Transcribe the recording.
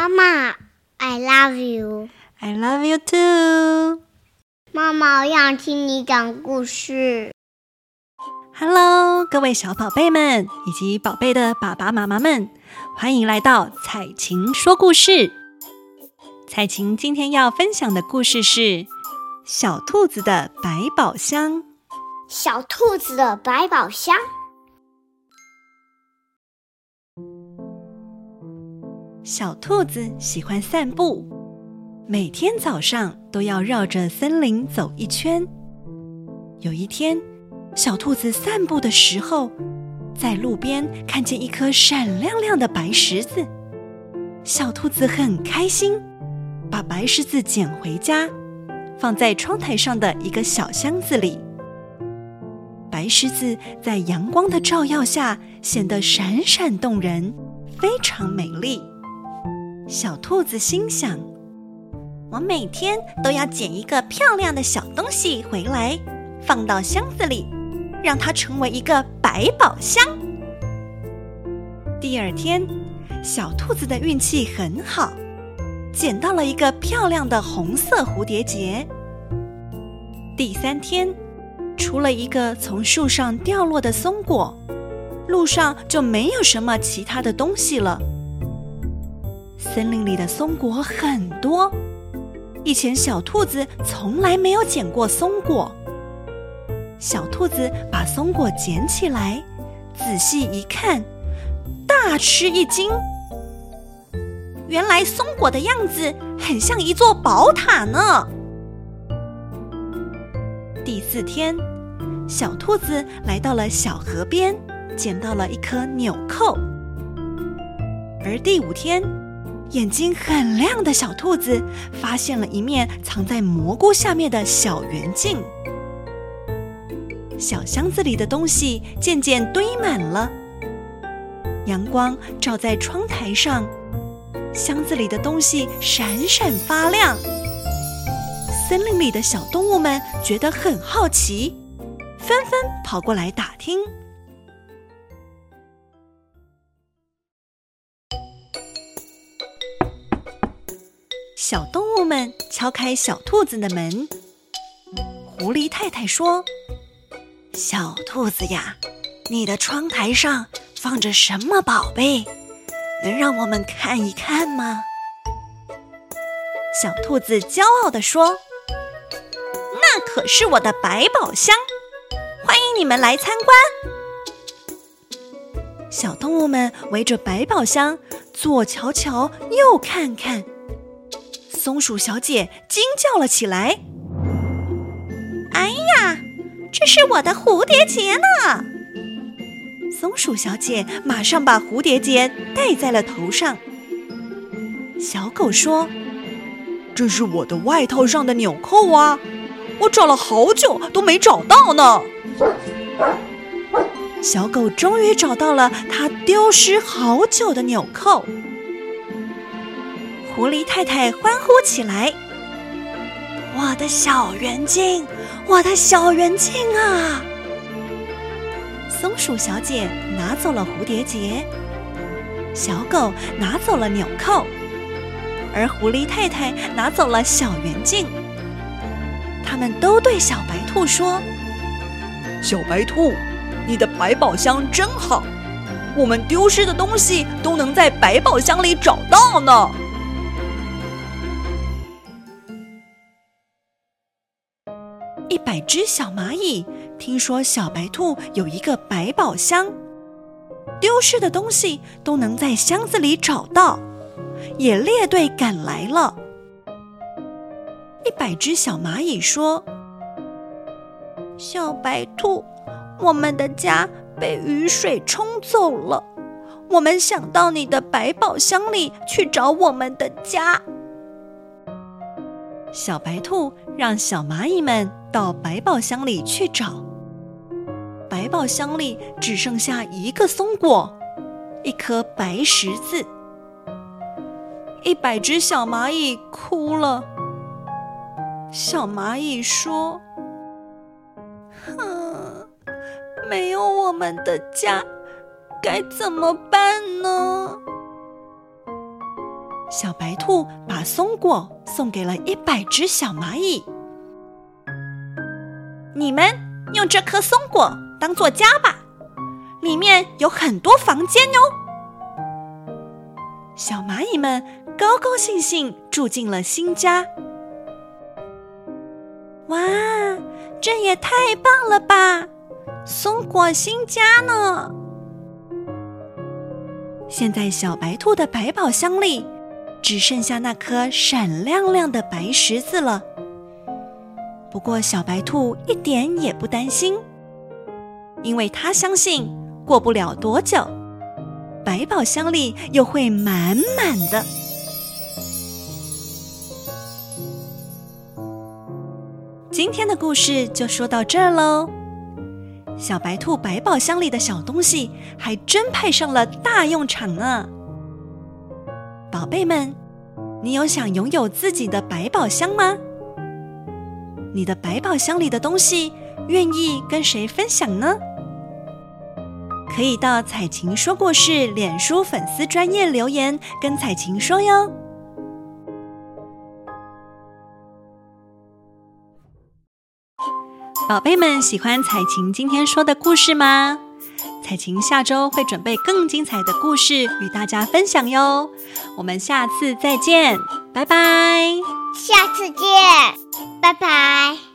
媽媽，I love you. I love you too. 媽媽，我想聽你講故事。哈嘍，各位小寶貝們以及寶貝的爸爸媽媽們，歡迎來到采晴說故事。采晴今天要分享的故事是《小兔子的百寶箱》。小兔子的百寶箱。小兔子喜歡散步，每天早上都要繞着森林走一圈。有一天，小兔子散步的時候，在路邊看見一顆閃亮亮的白石子。小兔子很開心，把白石子撿回家，放在窗台上的一個小箱子裡。白石子在陽光的照耀下，顯得閃閃動人，非常美麗。小兔子心想：“我每天都要撿一個漂亮的小東西回來，放到箱子裡，讓它成為一個百寶箱。”第二天，小兔子的運氣很好，撿到了一個漂亮的紅色蝴蝶結。第三天，除了一個從樹上掉落的松果，路上就沒有什麼其他的東西了。森林裡的松果很多，以前小兔子從來沒有撿過松果。小兔子把松果撿起來，仔細一看，大吃一驚。原來松果的樣子很像一座寶塔呢。第四天，小兔子來到了小河邊，撿到了一顆紐扣。而第五天。眼睛很亮的小兔子發現了一面藏在蘑菇下面的小圓鏡。小箱子裡的東西漸漸堆滿了。陽光照在窗台上，箱子裡的東西閃閃發亮。森林裡的小動物們覺得很好奇，紛紛跑過來打聽。小動物們敲開小兔子的門。狐狸太太說：“小兔子呀，你的窗台上放着什麼寶貝？能讓我們看一看嗎？”小兔子驕傲地說：“那可是我的百寶箱，歡迎你們來參觀。”小動物們圍着百寶箱，左瞧瞧，右看看。松鼠小姐驚叫了起來：“哎呀，這是我的蝴蝶結呢！”松鼠小姐馬上把蝴蝶結戴在了頭上。小狗說：“這是我的外套上的紐扣啊，我找了好久都沒找到呢。”小狗終於找到了它丟失好久的紐扣。狐狸太太歡呼起來：“我的小圓鏡，我的小圓鏡啊！”松鼠小姐拿走了蝴蝶結，小狗拿走了紐扣，而狐狸太太拿走了小圓鏡。他們都對小白兔說：“小白兔，你的百寶箱真好，我們丟失的東西都能在百寶箱裡找到呢。”一百隻小螞蟻聽說小白兔有一個百寶箱，丟失的東西都能在箱子裡找到，也列隊趕來了。一百隻小螞蟻說：“小白兔，我們的家被雨水沖走了，我們想到你的百寶箱裡去找我們的家。”小白兔讓小螞蟻們到百寶箱裡去找。百寶箱裡只剩下一個松果，一顆白石子。一百隻小螞蟻哭了。小螞蟻說：“哼，沒有我們的家，該怎麼辦呢？”小白兔把松果送給了一百隻小螞蟻。你們用這顆松果當作家吧，裡面有很多房間喲。小螞蟻們高高興興住進了新家。哇，這也太棒了吧！松果新家呢？現在小白兔的百寶箱裡。只剩下那顆閃亮亮的白石子了。不過小白兔一點也不擔心，因為它相信過不了多久，百寶箱裡又會滿滿的。今天的故事就說到這兒嘍。小白兔百寶箱裡的小東西還真派上了大用場呢、啊。寶貝們，你有想擁有自己的百寶箱嗎？你的百寶箱裡的東西願意跟誰分享呢？可以到采晴說故事臉書粉絲專頁留言跟采晴說喲。寶貝們，喜歡采晴今天說的故事嗎？采晴下週會準備更精彩的故事與大家分享喲，我們下次再見，拜拜。下次見，拜拜。